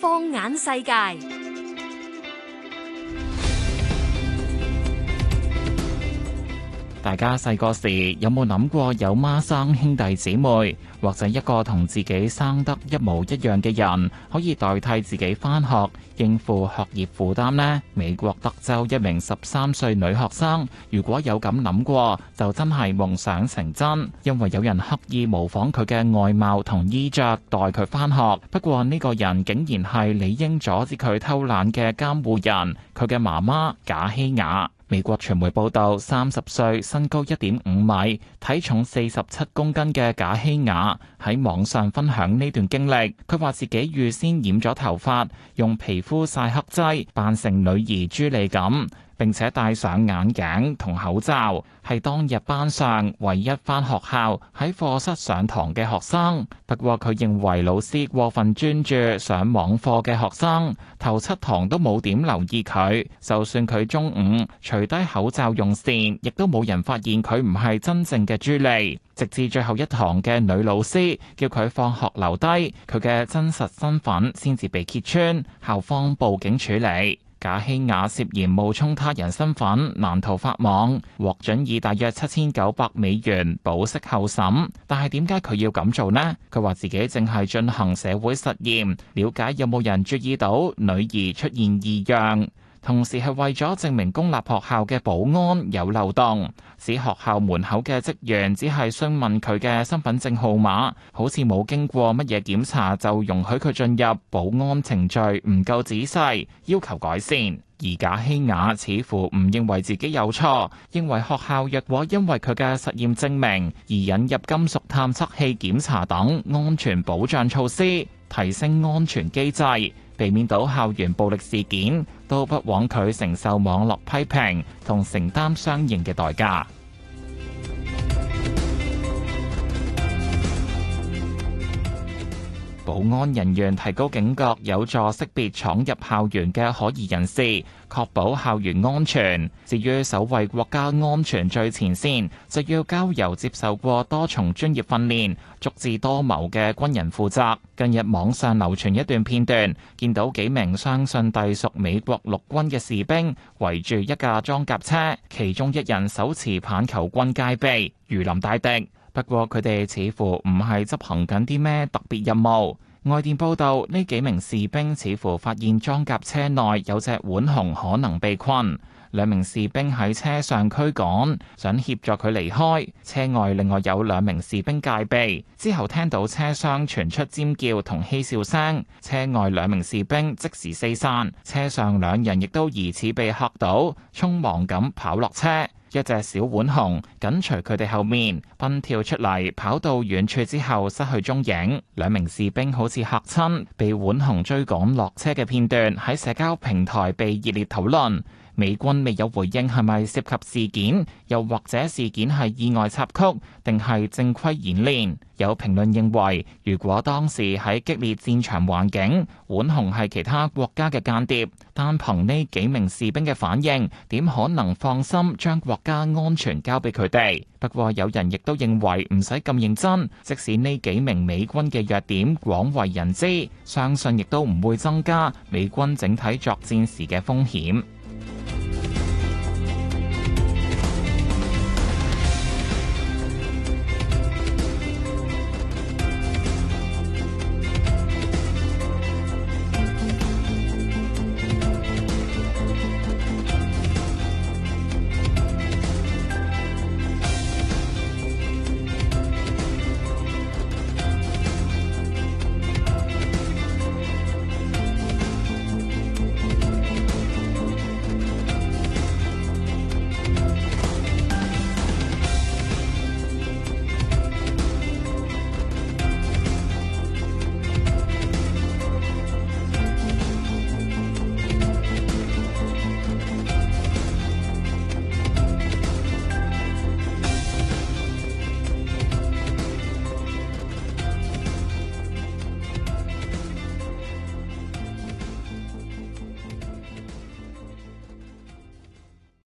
放眼世界。大家細個時有冇諗過有孖生兄弟姊妹，或者一個同自己生得一模一樣嘅人，可以代替自己翻學，應付學業負擔呢？美國德州一名十三歲女學生，如果有咁諗過，就真係夢想成真，因為有人刻意模仿佢嘅外貌同衣着，代佢翻學。不過呢個人竟然係理應阻止佢偷懶嘅監護人，佢嘅媽媽，賈希雅。美國傳媒報道，三十歲、身高一點五米、體重四十七公斤嘅賈希雅喺網上分享呢段經歷。佢話自己預先染咗頭髮，用皮膚曬黑劑扮成女兒朱莉咁。並且戴上眼鏡同口罩，係當日班上唯一返學校喺課室上堂嘅學生。不過佢認為老師過分專注上網課嘅學生，頭七堂都冇點留意佢。就算佢中午除低口罩用膳，亦都冇人發現佢唔係真正嘅朱莉。直至最後一堂嘅女老師叫佢放學留低，佢嘅真實身份先至被揭穿，校方報警處理。賈希雅涉嫌冒充他人身份難逃法網，獲准以大約七千九百美元保釋候審。但係點解佢要咁做呢？佢話自己正係進行社會實驗，了解有冇人注意到女兒出現異樣。同時係為咗證明公立學校嘅保安有漏洞，使學校門口嘅職員只係詢問佢嘅身份證號碼，好似冇經過乜嘢檢查就容許佢進入保安程序，唔夠仔細，要求改善。而賈希亞似乎唔認為自己有錯，認為學校若果因為佢嘅實驗證明而引入金屬探測器檢查等安全保障措施，提升安全機制。避免到校園暴力事件，都不枉佢承受網絡批評同承擔相應嘅代價。保安人員提高警覺，有助識別闖入校園嘅可疑人士，確保校園安全。至於守衛國家安全最前線，就要交由接受過多重專業訓練、足智多謀嘅軍人負責。近日網上流傳一段片段，見到幾名相信隸屬美國陸軍嘅士兵圍住一架裝甲車，其中一人手持棒球棍戒備，如臨大敵。不過佢哋似乎唔係執行緊啲咩特別任務。外電報道，呢幾名士兵似乎發現裝甲車內有隻浣熊可能被困，兩名士兵喺車上驅趕，想協助佢離開。車外另外有兩名士兵戒備，之後聽到車廂傳出尖叫同嬉笑聲，車外兩名士兵即時四散，車上兩人亦都疑似被嚇到，匆忙咁跑落車。一隻小浣熊緊隨佢哋後面，奔跳出嚟，跑到遠處之後失去蹤影。兩名士兵好似嚇親，被浣熊追趕落車嘅片段喺社交平台被熱烈討論。美軍未有回應係咪涉及事件？又或者事件係意外插曲，定係正規演練？有評論認為，如果當時喺激烈戰場環境，浣熊係其他國家嘅間諜，單憑呢幾名士兵嘅反應，點可能放心將國家安全交俾佢哋？不過有人亦都認為唔使咁認真，即使呢幾名美軍嘅弱點廣為人知，相信亦都唔會增加美軍整體作戰時嘅風險。